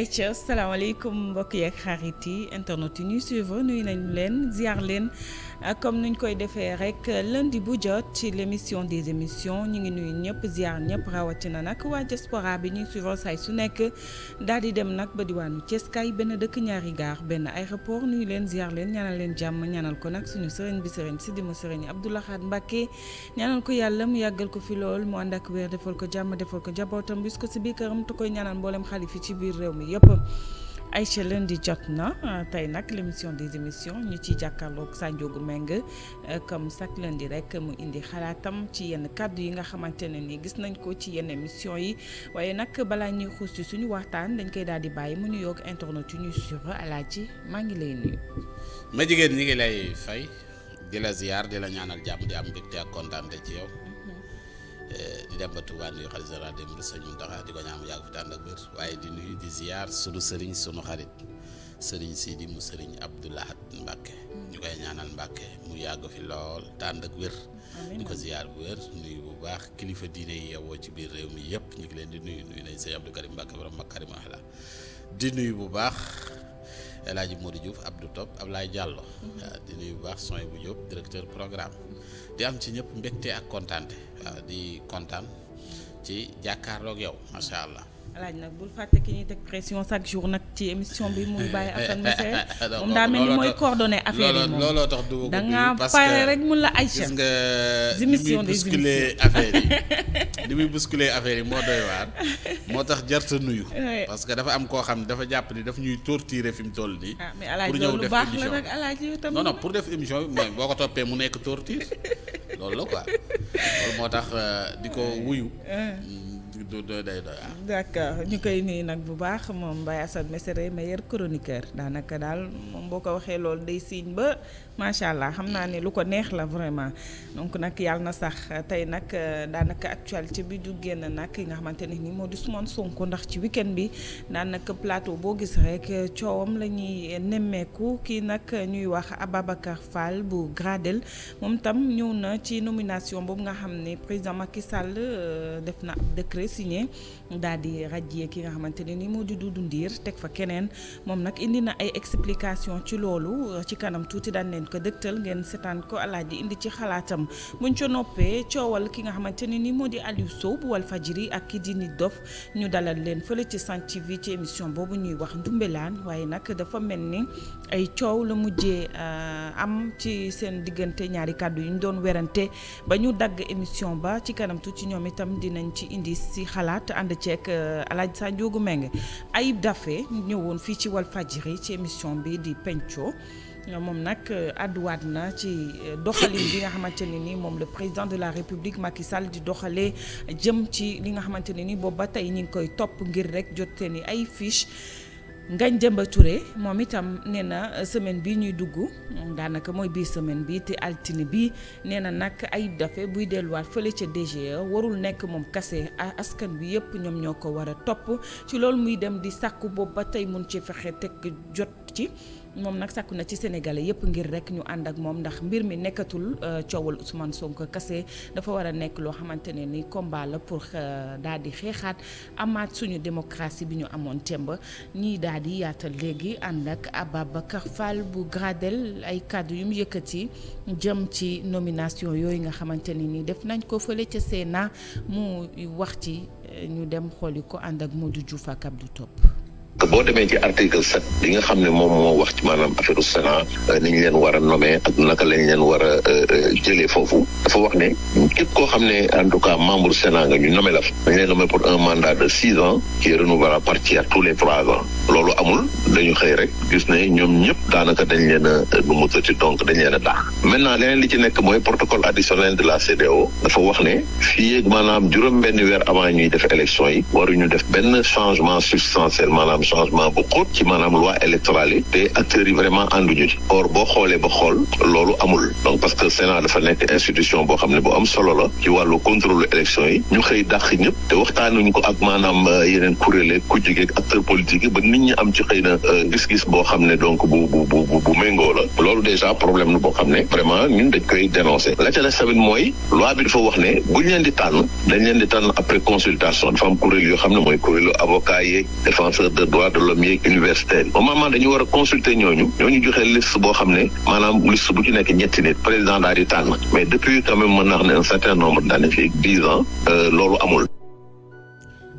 ayca salaamaaleykum mbokk yeeg xarit yi internet yi ñuy suivre nuyu nañu leen ziar leen. Ah, comme ñu koy defee rek euh, lundi bu jot ci l' émission des émissions ñu ngi nuyu ñëpp ziar ñëpp rawatina nag waa diaspora bi ñuy suivre say su nekk daal di dem nag ba diwaanu Thiès kay benn dëkk ñaari gaar benn aéroport nuyu leen ziar leen ñaanal leen jàmm ñaanal ko nag suñu sëriñ bi sëriñ Sidi mu sëriñ Abdou Lahad Mbacké ñaanal ko yàlla mu yàggal ko fi lool mu ànd ak wér defal ko jàmm defal ko jabootam bis ko si biir këram te koy ñaanal mboolem xalif ci biir réew yëpp. Aïcha lundi jot na tey nag mission des émissions ñu ciy jàkkaarloog Sanjoogu Meng comme leen di rek mu indi xalaatam ci yenn kàddu yi nga xamante ne ni gis nañ ko ci yenn émission yi waaye nag balaa ñuy xuus ci suñu waxtaan dañ koy daal di bàyyi mu nuyoog internet yu ñuy suivre ci maa ngi lay nuyu. ma jigéen ñi ngi lay fay di la ziyaar di la ñaanal jàmm di am mbégte ak kontaan ci yow. di dem ba Touba nuyu xarit général des mourides sëñ di ko ñaan mu yàgg fi tànn ak wér waaye di nuyu di ziar sunu sëriñ sunu xarit sëriñ Sidi mu sëriñ Abdou Lahad Mbacke ñu koy ñaanal Mbacke mu yàgg fi lool tànn ak wér. di ko ziar bu wér nuyu bu baax kilifa diine yi yeewoo ci biir réew mi yëpp ñu ngi leen di nuyu nuyu nañ sëñ Abdou Karim Mbacke borom Makarim Axla di nuyu bu baax. El Hadj Modou Diouf Abdou Top Ablaye Diallo. Mm-hmm. di nuyu bu baax Soy bu Diop di am ci ñëpp mbégte ak kontaante waaw di kontaan ci jàkkaarloog yow macha allah. alaaj nag bul fàtte ki ñuy teg pression chaque jour nag ci émission bi muy bàyyi Assane Missiré ah, moom daa mel ni mooy coordonné affaire yi tax dugg da nga pare mun la nga émission des bousculer affaire yi li muy moo doy waar moo tax jarta nuyu parce que dafa am koo xam dafa jàpp ni daf ñuy torturer fi mu toll nii ah, pour ñëw def émission non non pour def émission bi mooy boo ko toppee mu nekk torture loolu la quoi loolu moo tax euh, di ko wuyu euh. mm. du doy ah. ñu koy nuyu nag bu baax moom Mbaye Assane Mesere meilleur chroniqueur daanaka daal moom boo ko waxee lool dey siiñ ba macha allah xam naa ne lu ko neex la vraiment donc nag yàlla na sax tey nag euh, daanaka actualité bi du génn nag yi nga xamante ne ni moo di suma sonk ndax ci week bi bi daanaka plateau boo gis rek coowam la ñuy nemmeeku kii nag ñuy wax Ababacar Fall bu Gradel moom tam ñëw na ci nomination boobu nga xam ne président Macky Sall euh, def na ab signé daal di rajjee ki nga xamante ne ni moo di Doudou Ndir teg fa keneen moom nag indi na ay explication ci loolu ci kanam tuuti daan leen ko dëgtal ngeen seetaan ko alaaji indi ci xalaatam muñ ca noppee coowal ki nga xamante ne ni moo di Aliou Sow bu Walfadjri ak ki di Nit Dof ñu dalal leen fële ci Sen TV ci émission boobu ñuy wax ndumbelaan waaye nag dafa mel ni ay coow la mujjee euh, am ci seen diggante ñaari kàddu yu ñu doon werante ba ñu dagg xalaat ànd ceeg euh, Alaaji Sa Ndiogou ay Ayib Daffé ñëwoon fii ci Walfadjri ci émission bi di Pencco moom nag euh, àdduwaat na ci euh, doxalin bi nga xamante ne nii moom la président de la république Macky Sall di doxalee jëm ci li nga xamante ne ni boobu ba tey ñu ngi koy topp ngir rek jotte ni ay fiche Ngagne Demba moom itam nee semaine bi ñuy dugg daanaka mooy biir semaine bi te altine bi nee na nag Ayib Daffé buy delluwaat fële ca DGE warul nekk moom kase askan bi yëpp ñoom ñoo ko war a topp ci loolu muy dem di sàkku boobu ba tey mun ci fexe teg jot ci moom nag sàkku na ci sénégalais yëpp ngir rek ñu ànd ak moom ndax mbir mi nekkatul euh, coowal Ousmane Sonko kase dafa war a nekk loo xamante ne ni combat la pour euh, daal di xeexaat amaat suñu démocratie bi ñu amoon temb ñii daal di yaatal léegi ànd ak Ababacar fal bu Gradel ay kàddu yu mu yëkkati jëm ci nomination yooyu nga xamante ne ni def nañ ko fële ca Sénat mu wax ci euh, ñu dem xooli ko ànd ak Modou Diouf ak Abdou Top que boo demee ci article sept li nga xam ne moom moo wax ci maanaam affaire Sénat euh, ni leen war a ak naka lañ leen war a euh, euh, jëlee foofu dafa wax ne képp koo xam ne en tout cas membre Sénat nga ñu nommé la fa dañ leen nommé pour un mandat de six ans qui est renouvelable par tiers tous les trois ans loolu amul dañu xëy rek gis ne ñoom ñëpp daanaka dañ leen a nu mu tëti donc dañ leen maintenant leneen li ci nekk mooy protocole additionnel de la CEDEAO dafa wax ne fii ak maanaam juróom benn wee avant ñuy def élection yi waruñu def benn changement substantiel maanaam changement bu xóot ci maanaam loi électorale yi te acteurs yi vraiment ànduñu ci or boo xoolee ba xool loolu amul donc parce que Sénat dafa nekk institution boo xam ne bu am solo la ci wàllu contrôle élection yi ñu xëy dàq ñëpp te waxtaanuñu ko ak maanaam euh, yeneen kuréel ku jóge ak acteurs politiques yi ba nit ñi am ci xëy na euh, gis-gis boo xam ne donc bu bu bu bu méngoo la loolu déjà problème la boo xam ne vraiment ñun dañ koy dénoncer la ca mooy loi bi wax ne buñ leen di tànn dañ leen di tànn après consultation dafa am yoo xam ne mooy kuréelu avocat yeeg défenseur droit de l'homme yeeg universitaires yi au moment dañu war a consulter ñooñu ñooñu joxe liste boo xam ne maanaam liste bu ci nekk ñetti nit président daal di tànn mais depuis quand même mën naa xam ne un certain nombre d'années fii dix ans euh, loolu amul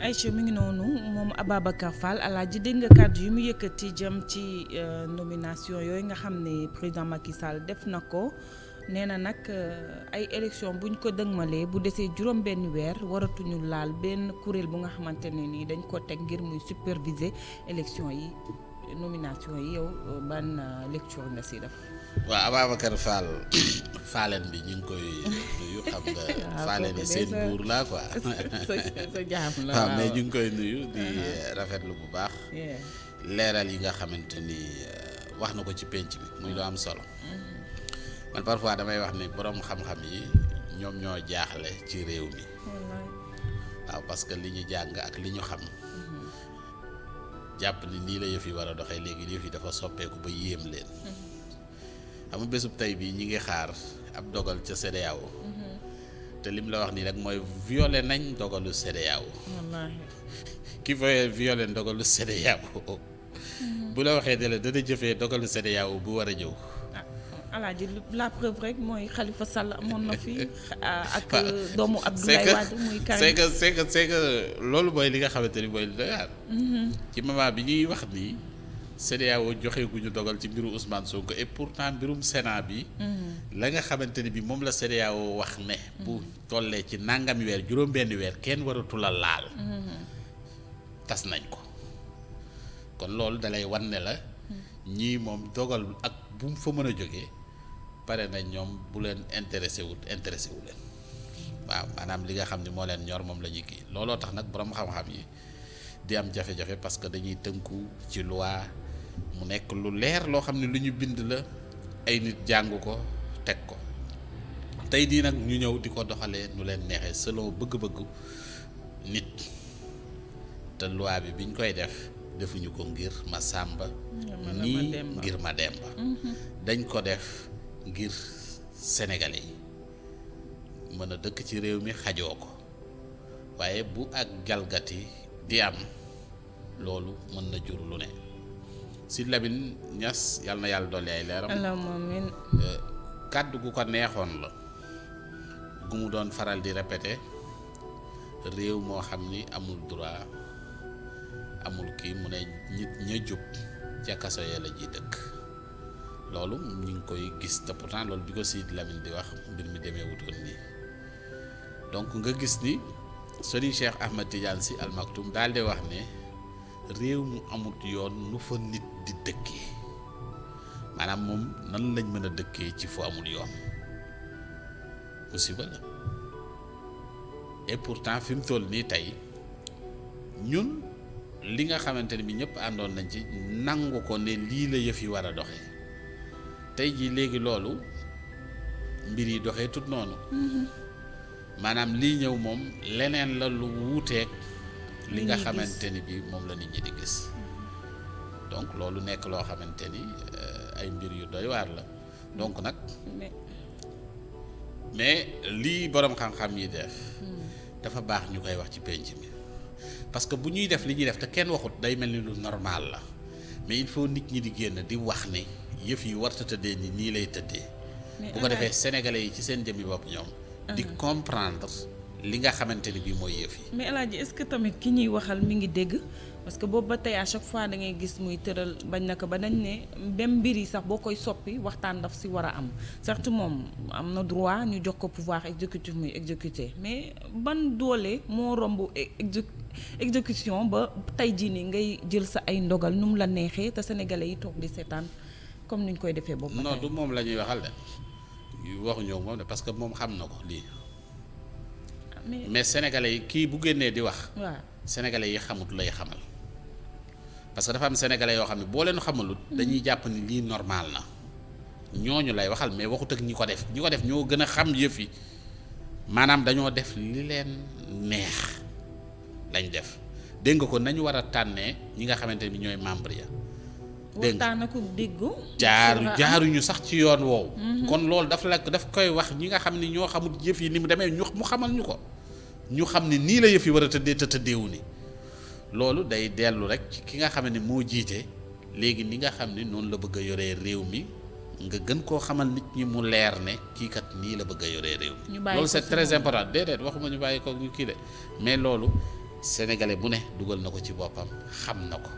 Aïcha mi ngi noonu moom Ababacar Fall alaaji dégg nga kàddu yu mu yëkkati jëm ci euh, nomination yooyu nga xam ne président Macky Sall def na ko nee na nag euh, ay élection buñ ko dëgmalee bu desee juróom benn weer waratuñu laal benn kuréel bu nga xamante ne nii dañ ko teg ngir muy superviser élection yi nomination yi yow euh, ban euh, lecture nga si def. waaw Ababacar bi ñu ngi koy nuyu xam nga ah, Fallen yi seen buur laa ko sa jaam la waaw mais ñu ngi koy nuyu di ah, ah. rafetlu bu baax leeral yi nga xamante ni wax na ko ci penc bi muy lu am solo mm-hmm. man parfois damay wax ni borom xam-xam yi ñoom ñoo jaaxle ci réew mi waaw parce que li ñu jàng ak li ñu xam mm-hmm. jàpp ni nii la yëf yi war a doxe léegi yëf yi dafa soppeeku ba yéem leen mm-hmm. xam nga bésub bii ñi ngi xaar ab dogal ca CEDEAO mm-hmm. te lim la wax nii rek mooy violé nañ dogalu CEDEAO ki fooy violé dogalu CEDEAO bu la waxee de la dana jëfee dogalu CEDEAO bu war a ñëw alaaji la preuve rek mooy Khalifa Sall amoon na fi. ak doomu Abdoulaye Wade muy Karim c'est que c'est que c'est loolu mooy li nga xamante ni mooy lu mm-hmm. bi ñuy wax nii. CEDEAO joxe dogal ci mbiru Ousmane Sonko et pourtant mbirum Sénat bi. Mm-hmm. nga xamante ni bi moom la CEDEAO wax ne. Mm-hmm. bu tollee ci nangami weer juróom-benn weer kenn waratu la laal. tas nañ ko kon loolu dalay wan ne la. ñii moom dogal ak bu fa mën a jóge pare nañ ñoom bu leen intéressé wut intéressé wu leen waaw maanaam li nga xam ni moo leen ñor moom la ñuy kii looloo tax nag borom xam-xam yi di am jafe-jafe parce que dañuy tënku ci loi mu nekk lu leer loo xam ne lu ñu bind la ay nit jàng ko teg ko tey dii nag ñu ñëw di ko doxalee nu leen neexee selon bëgg-bëggu nit te loi bi biñ koy def defuñu ko ngir ma sàmba nii ngir ma demba mm-hmm. dañ ko def ngir sénégalais yi mën a dëkk ci réew mi xajoo ko waaye bu ak jalgati di am loolu mën na jur lu ne si Lamine Niass yàlla na yàlla dolli ay leeram euh, kàddu gu ko neexoon la gu mu doon faral di répété réew moo xam ni amul droit amul ki mu ne nit ña jub ca kaso ya ji dëkk loolu ñu ngi koy gis te pourtant loolu bi ko Sidi Lamine di wax mbir mi demee wutoon nii donc nga gis ni Serigne Cheikh Ahmad Tidiane Sy Al Maktoum wax ne réew mu amut yoon nu fa nit di dëkkee maanaam moom nan lañ mën a dëkkee ci fu amul yoon musiba la et pourtant fi mu toll nii tey ñun li nga xamante ne bi ñëpp àndoon nañ ci nangu ko ne lii la yëf yi war a doxee. tey jii léegi loolu mbir yi doxee tut noonu mhm. maanaam lii ñëw moom leneen la lu wuuteeg li nga xamante ni bi moom la nit ñi di gis mhm. donc loolu nekk loo xamante ni euh, ay mbir yu doy waar la donc nag mais lii boroom xam-xam yi def mhm. dafa baax ñu koy wax ci pénc mi parce que bu ñuy def li ñuy def te kenn waxut day mel ni lu normal la mais il foo nit ñi di génn di wax ni yëf yi warta tëdde ni nii lay tëddee bu ko defee sénégalais yi ci seen jëmmi bopp ñoom di uh-huh. comprendre li nga xamante ni bii mooy yëf yi mais alaaji est-ce que tamit ki ñuy waxal mi ngi dégg parce que boobu ba tey a chaque fois da ngay gis muy tëral bañ na ko ba dañ ne même mbir yi sax boo koy soppi waxtaan daf si war a am certes moom am na droit ñu jox ko pouvoir exécutif muy exécuter mais ban doole moo romb e-, exé ba tey jii nii ngay jël sa ay ndogal nu mu la neexee te sénégalais yi toog di seetaan comme ni ñu koy defee boobu. non du moom la ñuy waxal de waxuñoo moom de parce que moom xam na ko lii. Ah, mais sénégalais yi kii bu génnee di wax. waaw sénégalais yi xamut lay xamal. parce que dafa am sénégalais yoo xam ne boo leen xamalut dañuy jàpp ni lii normal na ñooñu lay waxal mais waxut ak ñi ko def ñi ko def ñoo gën a xam yëfi maanaam dañoo def li leen neex lañ def dégg nga ko nañu war a tànnee ñi nga xamante ni ñooy membre ya dégg nga déggu jaaru jaaruñu sax ci yoon woowu. Mhm. kon loolu daf la daf koy wax ñi nga xam ni ñoo xamul yëf yi ni mu demee ñu mu xamal ñu ko ñu xam ni nii la yëf yi war a tëddee te tëddeewu ni loolu day dellu rek ci ki nga xam ne moo jiite léegi ni nga xam ne noonu la bëgg a yoree réew mi nga gën koo xamal nit ñi mu leer ne kii kat nii la bëgg a yoree réew mi. loolu c'est très important déedéet waxuma ñu bàyyi ko ñu kii de mais loolu sénégalais bu ne dugal na ko ci boppam xam na ko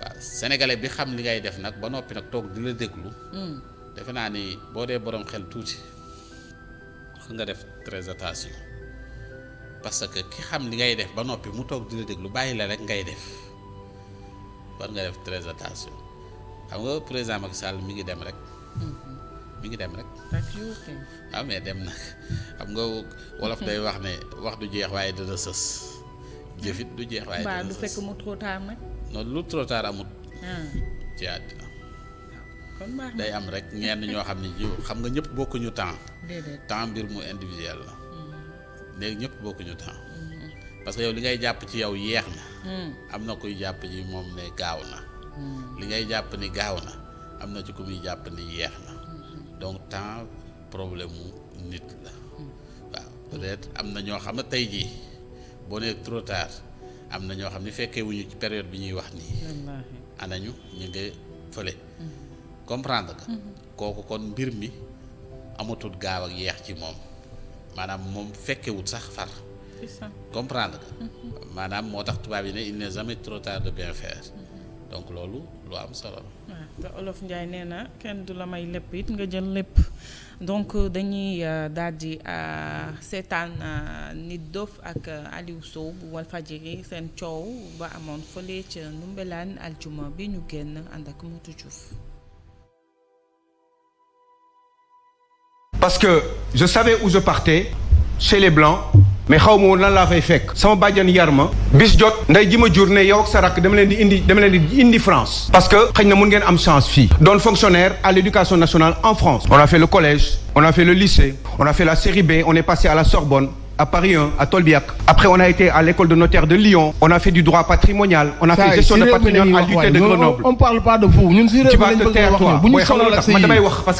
waaw sénégalais bi xam li ngay def nag ba noppi nag toog di la déglu. Hmm. defe naa ni boo dee borom xel tuuti nga def très attention. parce que ki xam li ngay def ba noppi mu toog di dina lu bàyyi la rek ngay def war nga def très xam nga président Macky Sall mi ngi dem rek. Mm-hmm. mi ngi dem rek. waaw ah, mais dem na xam nga wolof day wax ne wax du jeex waaye dana sës. jëfit du jeex waaye dana sës du fekk lu trop tard amut. Ah. day am rek ñenn ñoo xam ne xam nga ñëpp bokkuñu temps. temps mbir mu individuel la. léegi ñëpp bokkuñu temps parce que yow li ngay jàpp ci yow yeex na hmm. am na koy jàpp ji moom ne gaaw na hmm. li ngay jàpp ni gaaw na am na ci ko muy jàpp ni yeex na hmm. donc temps problème mu nit la waaw peut-être am na ñoo xam ne tey jii boo nee trop am na ñoo xam ne fekkee wuñu ci période bi ñuy wax nii anañu ñu ngi fële comprendre kooku kon mbir mi amatul gaaw ak yeex ci moom maanaam moom fekkewut sax far comprendre mm-hmm. maanaam moo tax tubaab yi ne il n'est jamais trop tard de bien faire mm-hmm. donc loolu lu am solo la te Olof Ndiaye nee na kenn du la may lépp it nga jël lépp donc euh, dañuy euh, daal di euh, seetaan nit dof ak Aliou Sow bu Walfadjri seen coow ba amoon fële ca Ndoumbelane aljuma bi ñu génn ànd ak Moutou Diouf parce que je savais où je partais chez les blancs mais xaw ma woon lan fay fekk sama bajan yar ma bis jot nday ji ma jur ne yow indi dama leen di indi France parce que xëy na mun ngeen am chance fii doon fonctionnaire à l'éducation nationale en France on a fait le collège on a fait le lycée on a fait la série on est passé à la Sorbonne à Paris 1, à Tolbiac. Après, on a été à l'école de notaire de Lyon. On a fait du droit patrimonial. On a fait gestion de patrimoine à l'UT de Grenoble. On parle pas de vous. Ñun ci réew mi lañ parce que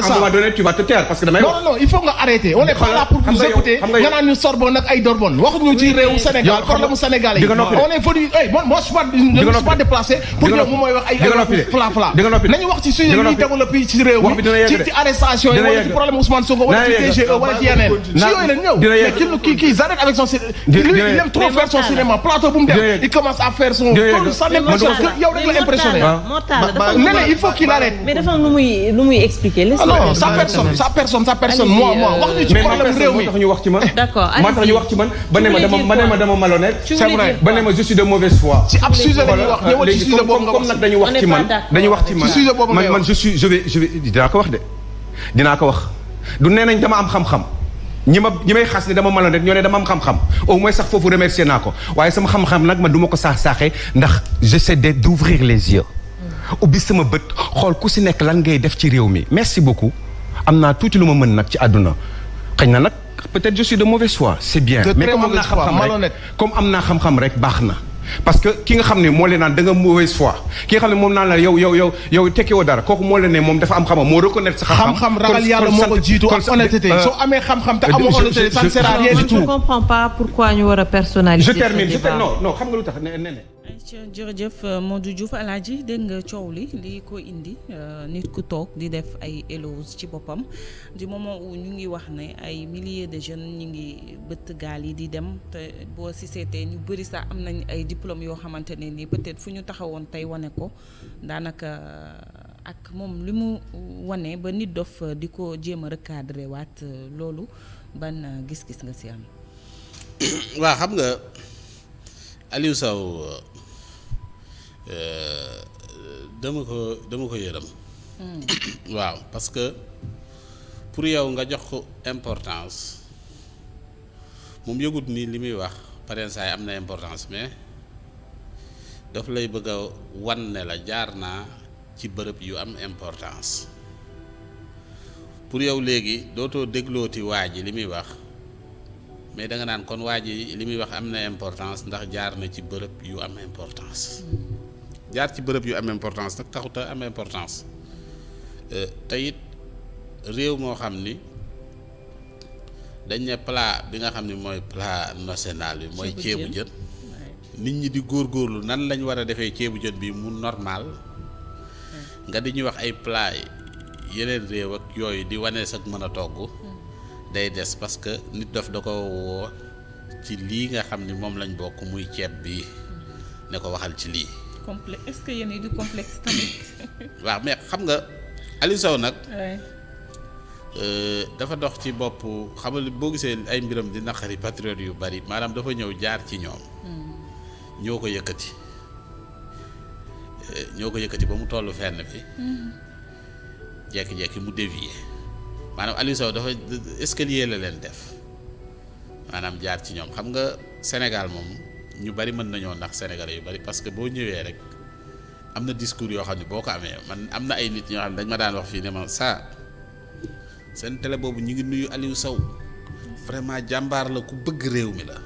xam nga te taire parce que damay il faut nga arrêter. On est pas là pour vous écouter. Nga naan ñu Sorbonne ak ay Dordogne. Waxuñu ci réewu Sénégal, problème sénégalais. On est venu, hey, moi je suis déplacé pour ñu mu may wax ay sans flamme. di nga noppi nañu wax ci suñu ñuy tegu la fii ci réew mi ci ci arrestation yi wala ci problème Ousmane Sonko wala ci DGE e wala ci yeneen. si yooyu lañ ñëw mais kii kii kii arrête avec son lui il aime trop faire son cinéma plateau bu mu dem il commence à faire son loolu ça l'impression que yow rek la impressionné. Ah. il faut qu'il arrête. mais dafa am lu muy lu muy expliquer. Ah non sa personne sa personne sa personne moi moi wax ñu ci problème réew mi. mais ma personne moo tax ñu wax ci man. d'accord moo tax ñu wax ci man ba ne ma dama ma ne ma dama malhonnête. c'est vrai ba ne ma je suis de mauvaise foi. si ab sujet la ñuy wax ñëwal ci sujet boobu nga wax. comme nag dañu wax ci man dañuy wax ci man man man je suis je vais je vais dinaa ko wax de dinaa ko wax du nee nañ dama am xam-xam ñi ma ñi may xas ne dama maloon rek ñoo ne dama am xam-xam au moins sax foofu remercier naa ko waaye sama xam-xam nag man du ma ko saax-saaxee ndax j'essaie d'ouvrir les yeux ubbi sama bët xool ku si nekk lan ngay def ci réew mi merci beaucoup am naa tuuti lu ma mën nag ci àdduna xëy na nag peut-être je suis de mauvaise foi c'est bien mais comme am naa xam comme am naa xam-xam rek baax na parce que ki nga xam ne moo leen naan da nga mauvaise foi ki nga xam ne moom naan la yow yow yow yow dara kooku moo leen ne am xam-xam moo reconnaître sa xam-xam xam-xam ragal yàlla moo honnêteté euh, soo amee xam-xam te euh, amoo honnêteté ça ne sert à tout a personnaliser je termine je termine non jërëjëf euh, Modou Diouf alaaji dégg nga coow li li ko indi euh, nit ku toog di def ay éloges ci boppam du moment où ñu ngi wax ne ay milliers de jeunes ñu ngi bëtt gaal yi di dem te boo si seetee ñu bëri sax am nañ ay diplômes yoo xamante ne nii peut-être fu ñu taxawoon tey wane ko daanaka euh, ak moom li mu wane ba nit dof di ko jéem a recadrer waat loolu ban gis-gis nga si am. waa xam nga Aliou Euh, dama ko dama ko yërëm hmm. waaw parce que pour yow nga jox ko importance moom yëgut nii li muy wax parents yi am na importance mais daf lay bëgg a wan ne la jaar naa ci bërëb yu am importance pour yow léegi dootoo déglooti waa ji li muy wax mais da nga naan kon waa ji li muy wax am na importance ndax jaar na ci bërëb yu am importance. Hmm. jaar ci bërëb yu am importance nag taxuta am importance euh, te réew moo xam ni dañ ne plat bi nga xam ni mooy plat national bi mooy ceebu jën nit ñi di góor góorlu nan lañ war a defee ceebu jën bii mu normal nga di ñuy wax ay plat yeneen réew ak yooyu di wane sax mën a togg day des parce que nit dof da ko woo ci lii nga xam ni moom lañ bokk muy ceeb bi ne ko waxal ci lii complexe est-ce que yéen du complexe tamit. waaw mais xam nga Aliou Sow nag. Euh, dafa dox ci bopp xam nga boo gisee ay mbiram di naqari patriote yu bari maanaam dafa ñëw jaar ci ñoom. Hmm. ñoo ko yëkkati euh, ñoo ko yëkkati ba mu toll fenn fi hmm. jekki-jekki mu dévier maanaam Aliou Sow dafa escalier la leen def maanaam jaar ci ñoom xam nga Sénégal moom. ñu bari mën nañoo ndax sénégalais yu bari parce que boo ñëwee rek am na discours yoo xam ne boo ko amee man am na ay nit ñoo xam ne dañ ma daan wax fii ne ma saa seen télé boobu ñu ngi nuyu Aliou Sow vraiment jàmbaar la ku bëgg réew mi la.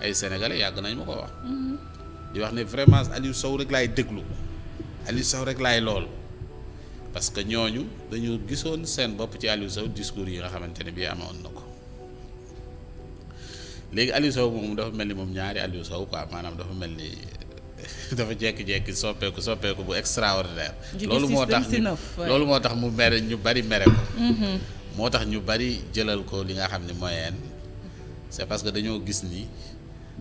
ay sénégalais yàgg nañ ma ko wax. Mm-hmm. di wax ne vraiment Aliou Sow rek laay déglu Aliou Sow rek laay lool parce que ñooñu dañu gisoon seen bopp ci Aliou Sow discours yi nga xamante ne bii amoon na léegi Aliou Sow moom dafa mel ni moom ñaari Aliou Sow quoi maanaam dafa mel ni dafa jékki-jékki soppeeku soppeeku bu extraordinaire. loolu moo tax loolu moo tax mu mere ñu bari mere ko. Mm-hmm. moo tax ñu bari jëlal ko li nga xam ne moyenne c'est parce que dañoo gis ni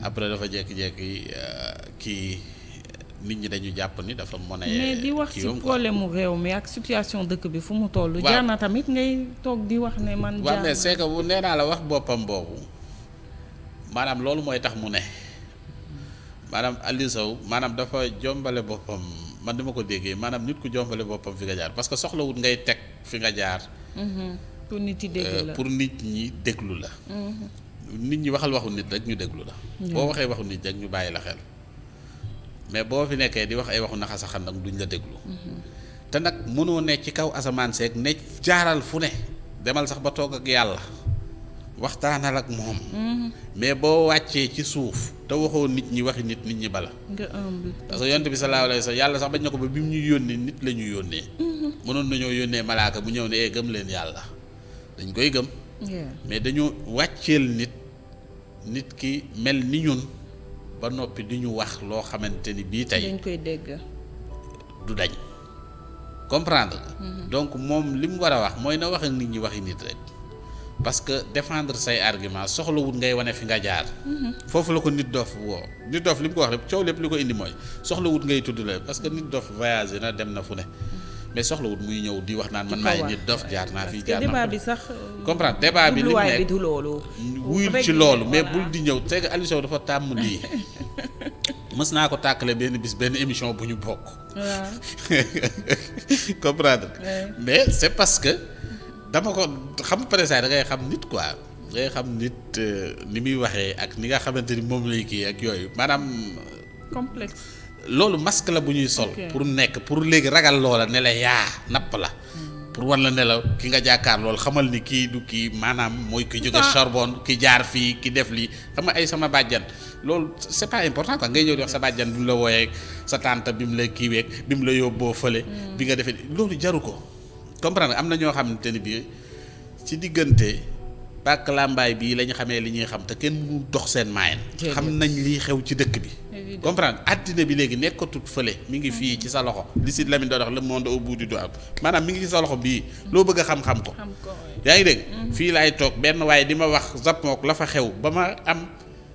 après dafa jékki-jékki euh, kii. nit ñi dañu jàpp ni dafa mën a. mais di wax ci problème réew mi ak situation dëkk bi fu mu toll. jaar na tamit ngay toog di wax ne man. jaar na waaw bu nee naa la wax boppam boobu. maanaam loolu mooy tax mu ne maanaam Aliou Sow maanaam dafa jombale boppam man dama ko déggee maanaam nit ku jombale boppam fi nga jaar parce que soxlawut ngay teg fi nga jaar. Mm-hmm. pour nit yi euh, pour nit ñi déglu la. Mm-hmm. nit ñi waxal waxu nit rek ñu déglu la. boo waxee waxu nit rek ñu bàyyi la xel. mais boo fi nekkee di wax ay waxu naxa xam nag duñ la déglu. Mm-hmm. te nag mënoo ne ci kaw asamaan seeg ne jaaral fu ne demal sax ba toog ak yàlla. waxtaanal ak moom. Mm-hmm. mais boo wàccee ci suuf te waxoo nit ñi waxi nit nit ñi bala. nga ëmb bi sallallahu alayhi yàlla sax bañ na ko ba bi mu ñuy yónnee nit la ñuy yónnee. Mm-hmm. mënoon nañoo yónnee malaaka bu ñëw ne eh gëm leen yàlla dañ koy gëm. mais dañu wàcceel nit nit ki mel ni ñun ba noppi di ñu wax loo xamante ni bii tey. dañ koy dégg. du dañ comprendre mm-hmm. donc moom li mu war a wax mooy na wax ak nit ñi waxi nit rek. parce que défendre say argument soxlawut ngay wane fi nga jaar. foofu la ko nit dof woo nit dof li ko wax rek coow lépp ko indi soxlawut ngay tudd la parce que nit dof voyagé na dem na fu ne. mais soxlawut muy ñëw di wax naan man maay nit dof jaar naa fii jaar bi sax. comprendre débat bi li mu nekk wuyul ci loolu mais bul di ñëw teg Aliou dafa tàmm lii. mës naa ko tàkkale benn bis benn émission bu ñu bokk. comprendre mais c'est parce que. dama ko xam président ngay xam nit quoi da ngay xam nit euh, ni muy waxee ak ni nga xamante ni moom lay kii ak yooyu maanaam. loolu masque la bu ñuy sol. pour nekk pour léegi ragal loola ne yaa napp la. Hmm. pour wan na nelaw ki nga jàkkaar loolu xamal ni kii du kii maanaam mooy kii jóge Sorbonne ki jaar fii ki def lii xam ay sama bàjjan loolu c'est pas important quoi ngay ñëw di wax sa bàjjan bi mu la wooyee sa tante bi mu la kiiweeg bi mu la yóbboo fële. Hmm. bi nga defee loolu jaru ko. comprendre am na ñoo xamante ni bii ci diggante pàkk làmbaay bii la ñu xamee li ñuy xam te kenn mu dox seen maayen xam nañ liy xew ci dëkk bi comprendre àddina bi léegi nekkatut fële mi ngi fii ci sa loxo li si Lamine doo dox le monde au bout du doigt maanaam mi ngi ci sa loxo bii loo bëgg a xam-xam ko yaa ngi dégg mhm. fii laay toog benn waaye di ma wax japon la fa xew ba ma am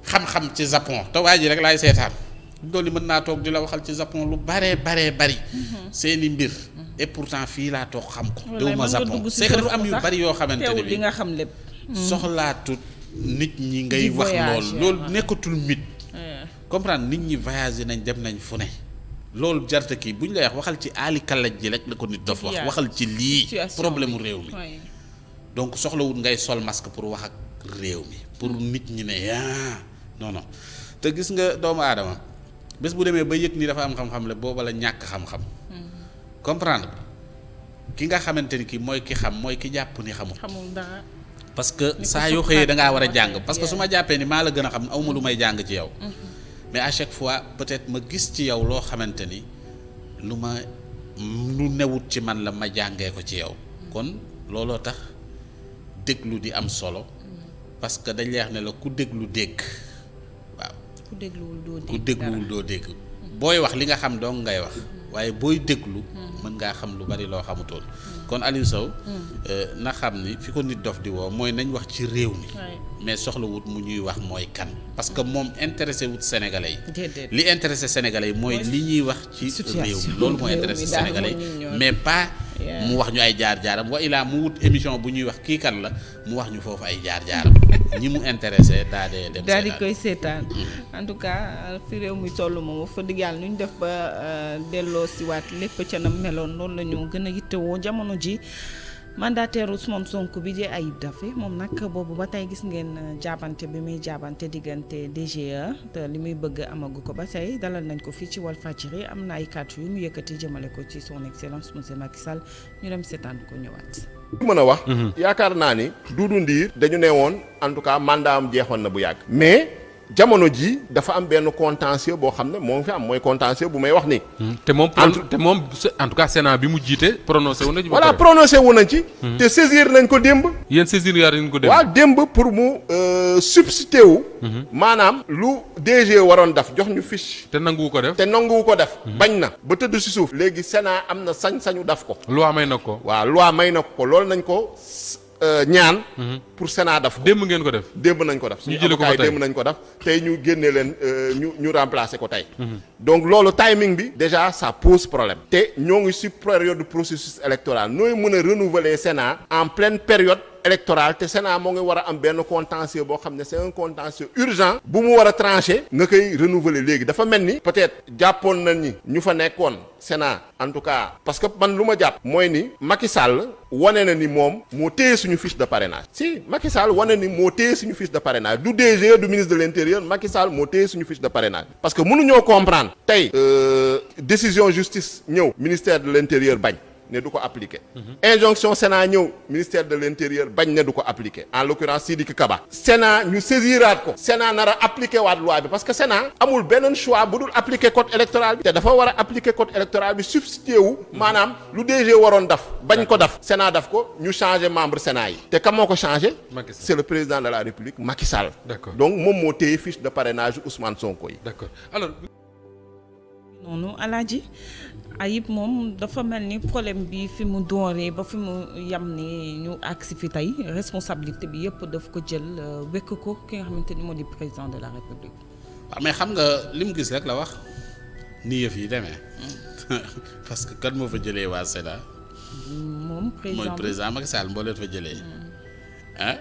xam-xam ci japon te waa ji rek laay seetaan dool yi mën naa toog di la waxal ci japon lu baree bare bari mhm. seeni mbir et pourtant fii laa toog xam ko dewuma japon c'est que dafa am yu bari yoo xamante ne bi nga xam lépp mhm. soxlaatut nit ñi ngay wax lool loolu nekkatul mit comprendre nit ñi voyagé nañ dem nañ fu ne loolu jarte kii bu ñu lay wax waxal ci aali kalaj ji rek la ko nit dof wax waxal ci lii problème réew mi donc soxlawul ngay sol masque pour wax ak réew mi pour nit ñi ne yaa ah, non te gis nga doomu aadama bés bu demee ba yëg ni dafa am xam-xam la booba la ñàkk xam-xam. Hmm. comprendre ki nga xamante ni ki mooy ki xam mooy ki jàpp ni xamul. xamul dara. parce que saa yoo xëyee dangaa war a jàng parce que su ma jàppee ni maa la gën a xam awma lu may jàng ci yow. Hmm. mais à chaque fois peut-être ma gis ci yow loo xamante ni lu ma lu newut ci man la ma jàngee ko ci yow. Hmm. kon looloo tax déglu di am solo. parce que dañ lay wax ne la ku déglu dégg. ku dégluwul doo dégg ku dégluwul doo dégg booy wax li nga xam dong ngay wax waaye booy déglu mën ngaa xam lu bari loo xamutoon kon Aliou Sow euh, na xam ni fi ko nit dof di woo mooy nañ wax ci réew mi mais soxla wut mu ñuy wax mooy kan parce que moom intéressé wut sénégalais yi li intéressé sénégalais yi mooy li ñuy wax ci réew mi loolu moo intéressé sénégalais yi mais pas mu wax ñu ay jaar-jaaram wa ilaa mu wut émission bu ñuy wax kii kan la mu wax ñu foofu ay jaar-jaaram ñi mu intéressé daa dem daal di koy seetaan mm-hmm. en tout cas fi réew mi toll moom wax dëgg yàlla nu ñu def ba euh, delloo siwaat lépp ca na meloon loolu la ñu gën a yittewoo jamono ji mandataire Ousmane Sonko bi di Ayib Daffé moom nag boobu ba tey gis ngeen euh, jaabante bi muy jaabante diggante DGE te li muy bëgg amagu ko ba tey dalal nañ ko fii ci Walfadjri am na ay kàddu yu ñu yëkkati jëmale ko ci son excellence monsieur Macky Sall ñu dem seetaan ko ñëwaat. li mën a wax. Mhm. yaakaar naa ni. Doudou Ndir dañu ne woon en tout cas mandat am jeexoon na bu yàgg. mais. jamono ji dafa am benn contentieux boo xam ne moom fi am mooy contentieux bu may wax nii. Hmm. te moom te moom en tout cas Sénat bi mu jiite prononcé wu nañ. voilà prononcé wu nañ ci. Hmm. te saisir nañ ko démb. yéen saisir yaa nañ ko démb. waaw démb pour mu euh, substitué wu. Hmm. maanaam lu DG waroon def jox ñu fiche. te nanguwu ko def te nanguwu ko def. bañ na ba tëddu si suuf. léegi sena am na sañ-sañu daf ko. loi may na ko. waa loi may na ko loolu nañ ko. Euh, ñaan. Mhm. pour Sénat def ko. démb ngeen ko def. démb nañ ko def. ñu jëlee ko fa tey démb nañ ko def tey ñu génne leen euh, ñu ñu remplacer ko tey. Mhm. donc loolu timing bi. déjà ça pose problème. te ñoo ngi si période processus électoral nooy mën a renouveler Sénat. en pleine période. électorale te Sénat moo ngi war a am benn contentieux boo xam ne c'est un contentieux urgent bu mu war a trancher nga koy renouveler léegi dafa mel ni peut-être jàppoon na ni ñu fa nekkoon Sénat en tout cas parce que man lu ma jàpp mooy ni Macky Sall wane na ni moom moo téye suñu fiche de parrainage si Macky Sall wane ni moo téye suñu fiche de parrainage du DG du ministre de l'intérieur Macky Sall moo téye suñu fiche de parrainage parce que mënuñoo comprendre tey euh, décision justice ñëw ministère de l'intérieur bañ ne du ko appliquer. injonction Sénat ñëw ministère de l' intérieur bañ ne du ko appliquer en l'occurrence Sidiki Kaba. Sénat ñu saisiraat ko. Sénat nar a appliquer waat loi bi parce que Sénat amul beneen choix bu dul appliquer code électoral bi. te dafa war a appliquer code électoral bi substitué maanaam lu DG waroon daf. bañ ko daf Sénat daf ko ñu changé membre Sénat yi. te kam moo ko changé. Macky Sall c' le président de la République Macky Sall. donc moom moo téye fiche de parrainage Ousmane Sonko noonu alaaji Ayib moom dafa mel ni problème bi fi mu dooree ba fi mu yam ni ñu agsi fi tey responsabilité bi yëpp daf ko jël euh, wekk ko ki nga xamante ni moo di président de la ah, xam nga li mu gis rek la wax ni yëf yi demee parce que kan moo fa jëlee waa CEDA. moom président mooy président Macky Sall mbooleet fa jëlee. ah.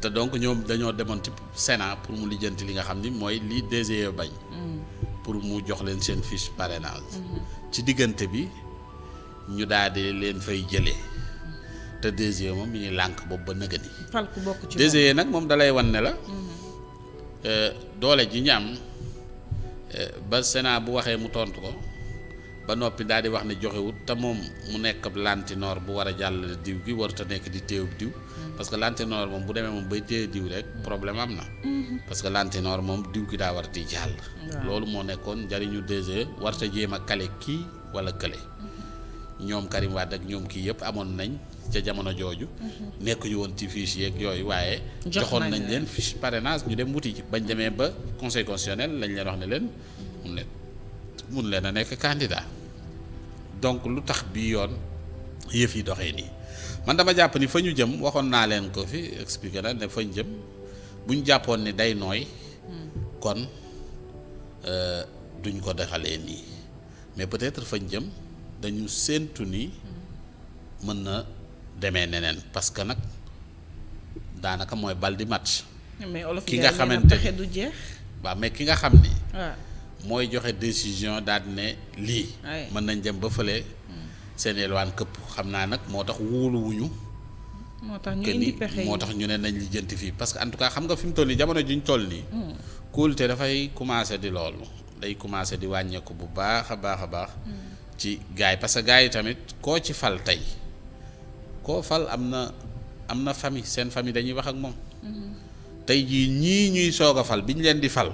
te donc ñoom dañoo demoon ci Sénat pour mu lijjanti li nga xam ni mooy lii DGE bañ. Mm. pour mu jox leen seen fiche parrainage ci diggante bi ñu daal leen fay jëlee te DG moom mi ngi lànk boobu ba nëgëni. fal ku bokk ci DG nag moom dalay wan ne la. Mhm. Euh, doole ji ñu euh, ba Sénat bu waxee mu tontu ko. ba noppi daal di wax ne joxewut te moom mu nekk lantinoor bu war a jàllale diw gi warut a nekk di téewub diw parce que lantinoor moom bu demee moom bay téye diw rek problème am na parce que lantinoor moom diw gi daa war di jàll loolu moo nekkoon njariñu 2 warta jéem a kale kii wala kële ñoom Karim Wade ak ñoom kii yëpp amoon nañ ca jamono jooju nekk ñu woon ci fiche yeeg yooyu waaye joxoon nañ leen fiche parrainage ñu dem wuti ji bañ demee ba conseil constitutionnel lañ leen wax ne leen mun leen a nekk candidat donc lu tax bii yoon yëf yi doxee nii man dama jàpp ni fa ñu jëm waxoon naa leen ko fi expliqué na ne fa ñu jëm bu ñu jàppoon ni day nooy kon euh, duñ ko doxalee nii mais peut-être fa ñu jëm dañu séentu ni mën na demee neneen parce que nag daanaka mooy bal di match. ki nga xamante du jeex. ki nga xam ni. mooy joxe décision daal ne lii. mën nañ dem ba fële. seen yelwaan këpp xam naa nag moo tax wóoluwuñu. moo tax ñu indi moo tax ñu ne nañ lijjant fii parce que en tout cas xam nga fi toll nii jamono juñ toll nii. Hmm. kóolute dafay commencé di loolu day commencé di wàññeeku bu baax a baax a baax. Hmm. ci gars yi parce que gars yi tamit koo ci fal tey koo fal am na am na famille seen famille dañuy wax ak moom. Hmm. tey jii ñii ñuy soog a fal bi ñu leen di fal.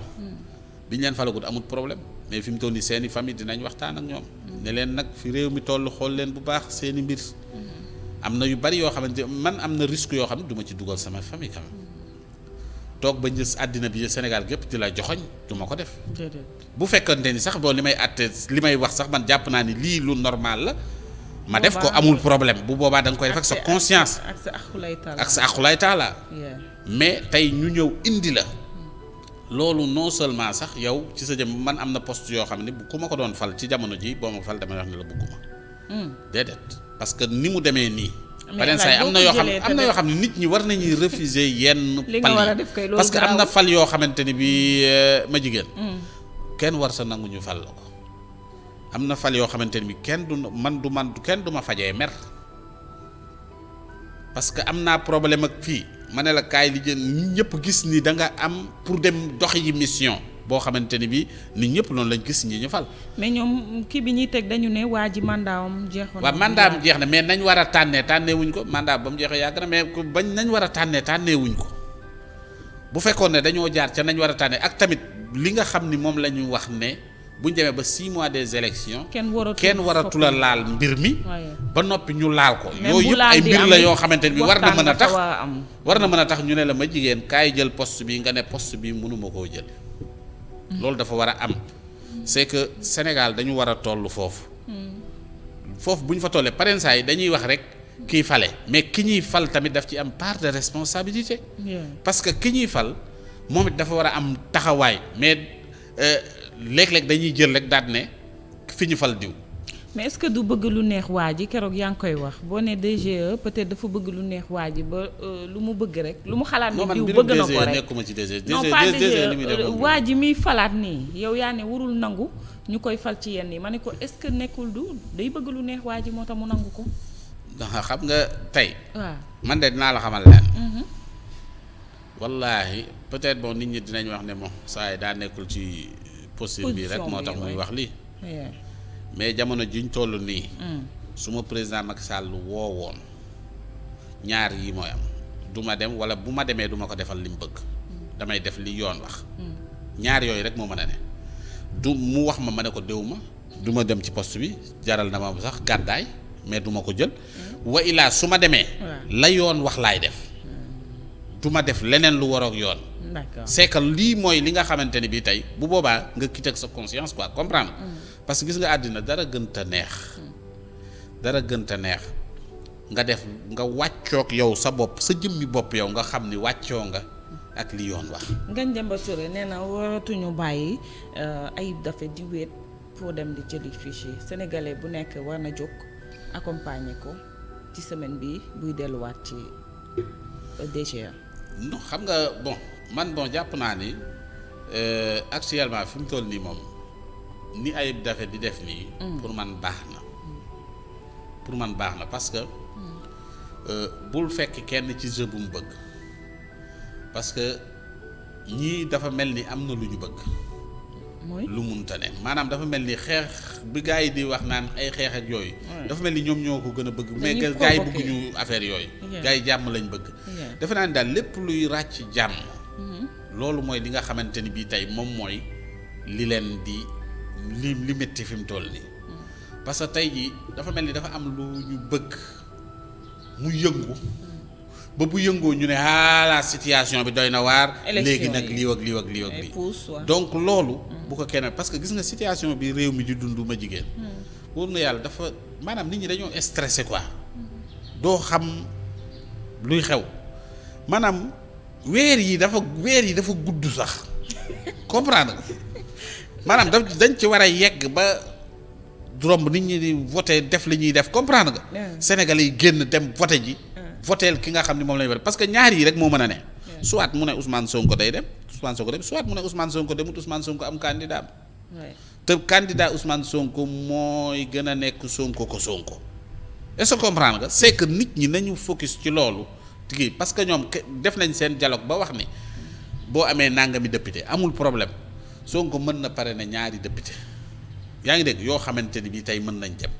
biñ leen falagut amul problème mais fi mu toll nii seen i famille dinañ waxtaan ak ñoom. ne leen nag fi réew mi toll xool leen bu baax seeni mbir. am na yu bari yoo xamante man am na risque yoo xam ne du ci dugal sama fami quand toog ba njës àddina bi Sénégal gépp di la joxoñ duma ko def. bu fekkante ni sax boo li may àtte li may wax sax man jàpp naa ne lii lu normal la. ma def ko amul problème bu boobaa da nga koy def sa conscience. ak sa axulaay ak sa axulaay taala mais tey ñu ñëw indi la. loolu non seulement sax yow ci sa jëm man am na poste yoo xam ne bu ku ma ko doon fal ci jamono ji boo ma fal damay wax ne la bëgguma hmm. déedéet parce que ni mu demee nii beneen am na yoo xam am na yoo xam ne nit ñi war nañuy refuser yenn pal yi parce que am na fal yoo xamante ni bi hmm. euh, ma jigéen hmm. war sa nangu ñu la ko am na fal yoo xamante ni bi kenn du man du man kenn du ma fajee mer parce que am naa problème ak fii ma ne la kaay li jën ñëpp gis ni da nga am pour dem dox yi mission boo xamante ni bi nit ñëpp loolu lañ gis ñi ñu fal. mais ñoom kii bi ñuy teg dañu ne waa ji mandaawam jeex waaw mandaam jeex na mais nañ war a tànnee tànnee wuñ ko mandat ba mu jeexee yàgg na mais bañ nañ war a tànnee tànnee ko bu fekkoon ne dañoo jaar ca nañ war a tànnee ak tamit li nga xam ni moom la ñu wax ne. bu ñu ba six mois des élections kenn waratul a laal mbir mi ba noppi ñu laal ko yooyu yëpp ay mbir la yoo xamante ni war na mën a tax war na mën a tax ñu ne la ma jigéen kaay jël poste bi nga ne post bi mënuma koo jël mm. loolu dafa war a am c'est que Sénégal dañu war a toll foofu mm. foofu bu ñu fa tollee parrainage yi dañuy wax rek kii fale mais ki ñuy fal tamit daf ci am part de responsabilité parce que ki ñuy fal moom it dafa war a am taxawaay mais euh, léeg-léeg dañuy jël rek daat ne fi ñu fal diw. mais est que du bëgg lu neex waa ji keroog yaa ngi koy wax boo ne DGE peut-être dafa bëgg lu neex waa ji ba euh, lu mu bëgg rek lu mu xalaat ne diw bëgg na e ko rek nekkuma ci DGE e, e waa ji miy falaat nii yow yaa ne warul nangu ñu koy fal ci yenn yi ma ne ko est-ce que nekkul du day bëgg lu neex waa ji moo tax mu nangu ko xam nga tey man de dinaa la xamal leen mhm. wallaahi peut-être bon nit ñi dinañ wax ne moom saa yi daa nekkul ci possible bi rek moo tax muy wax lii mais jamono juñ toll nii mm. su ma président Macky Sall woo ñaar yi mooy am du dem wala bu ma demee duma ko defal li mu bëgg damay def li yoon wax mm. ñaar yooyu rek moo mën a ne du mu wax ma ma ne ko déw ma du ma dem ci post bi jaral na ma sax gàddaay mais duma ko jël mm. wa illaa su ma demee la yoon wax laay def du ma def leneen lu waroog yoon. d'accord c'est lii mooy li nga xamante ni bii tey bu boobaa nga quitte ak sa conscience quoi comprendre. Mm. parce que gis nga àddina dara a neex. Mm. dara a neex nga def nga wàccoog yow sa bopp sa jëmmi bopp yow nga xam ni wàccoo nga. ak li yoon wax. Ngagne Demba Touré nee na waratuñu bàyyi euh, Ayib Daffé di wéet pour dem di jëli fichier sénégalais bu nekk war na jóg accompagner ko ci semaine bi buy delluwaat ci euh, DGA. xam nga bon man bon jàpp naa ni euh, actuellement fi mu toll nii moom ni Ayib Daffé di def nii. Mm. pour man baax na. pour man baax na parce que mm. euh, bul fekk kenn ci jeu bu mu bëgg parce que ñii dafa mel ni am na lu ñu bëgg. lu munta ne maanaam dafa mel ni xeex bi gars yi di wax naan ay xeex yooyu dafa mel ni ñoom ñoo ko gën a bëgg mais gars yi bëgguñu affaire yooyu gars yi jàmm lañ bëgg dafa naa ni daal lépp luy ràcc jàmm mm-hmm. loolu mooy li nga xamante ni bii tey moom mooy li leen di li li métti fi mu toll nii mm-hmm. parce que tey jii dafa mel ni dafa am lu ñu bëgg mu yëngu mm-hmm. ba bu yëngoo ñu ne ah la situation bi doy na waar. léegi nag lii ak lii ak lii ak lii. donc loolu. Hmm. bu ko kenn parce que gis nga situation bi réew mi di dund ma jigéen. Hmm. wóor na yàlla dafa maanaam nit ñi dañoo stressé quoi. doo xam luy xew maanaam weer yi dafa weer yi dafa gudd sax comprendre nga maanaam dañ ci war a yegg ba. dromb nit ñi di voté def li ñuy def comprendre nga. Sénégalais yi génn dem voté ji. voteel ki nga xam ne moom la ñu war parce que ñaar yi rek moo mën a ne. soit mu ne Ousmane Sonko day dem Ousmane Sonko dem soit mu ne Ousmane Sonko demut Sonko am candidat te candidat Ousmane Sonko mooy gën a nekk Sonko ko Sonko. est-ce que comprendre nga c'est nit ñi nañu focus ci loolu kii parce que ñoom def nañ seen dialogue ba wax ni boo amee nangami député amul problème Sonko mën na pare ne ñaari député yaa ngi dégg yoo xamante ni bii tey mën nañ jëm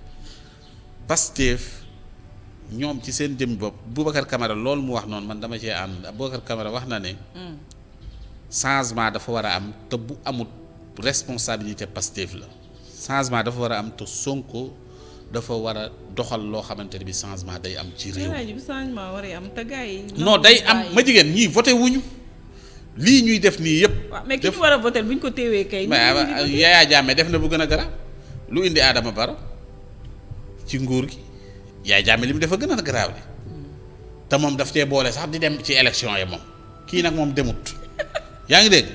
ñoom ci seen jëm bopp bu Boubacar Camara loolu mu wax noonu man dama cee ànd Boubacar Camara wax na ne. Hmm. changement dafa war a am te bu amut responsabilité Pastef la changement dafa war a am te Sonko dafa war a doxal loo xamante ne bi changement day am. ci réew mi changement war a am te gars yi non day am ma jigéen ñii voté wuñu lii ñuy def nii yëpp. waaw mais ki ñu war a voté bu ñu ko teewee kay. Yaya def na bu gën a gara lu indi aadama Baro ci nguur gi. yaay jàmme li mu dafa gën a garaaw li hmm. te moom daf cee boole sax di dem ci élection yi moom kii nag moom demut yaa ngi dégg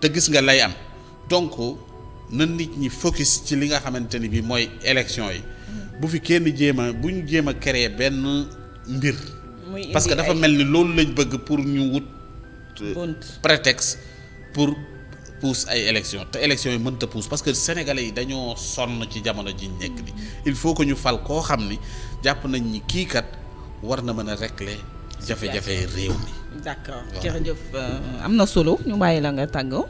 te gis nga lay am donc na nit ñi focus ci li nga xamante ni bii mooy élection yi hmm. bu fi kenn jéem a bu ñu jéem a créer benn mbir. parce que dafa mel ni loolu lañ bëgg pour ñu wut. Euh, prétexte pour. pousse ay élection te élection yi mënta pousse parce que sénégalais yi dañoo sonn ci jamono ji nekk ni il faut que ñu fal koo xam ni jàpp nañ ni kii kat war na mën a régler jafe-jafe réew mi. d'accord jërëjëf euh, am na solo ñu bàyyi la nga tàggoo.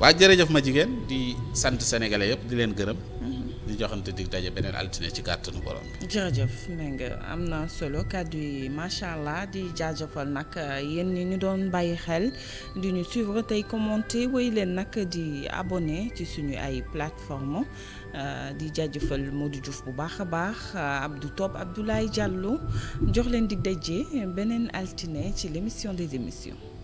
waa jërëjëf ma jigéen di sant sénégalais yëpp di leen gërëm. Mm-hmm. di joxante dig daje beneen altine ci kàttanu borom bi. jërëjëf Mbengue am na solo kàddu macha allah di jaajëfal nag yéen ñu doon bàyyi xel di ñu tey commenter wéy leen nag di abonné ci suñu ay plateforme euh, di jaajëfal Modou Diouf bu baax a baax Abdou Top Abdoulaye Diallo jox leen dig daje beneen altine ci l' émission des émissions.